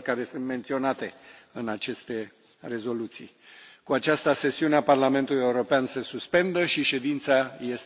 lucruri care sunt menționate în aceste rezoluții. cu aceasta sesiunea parlamentului european se suspendă și ședința este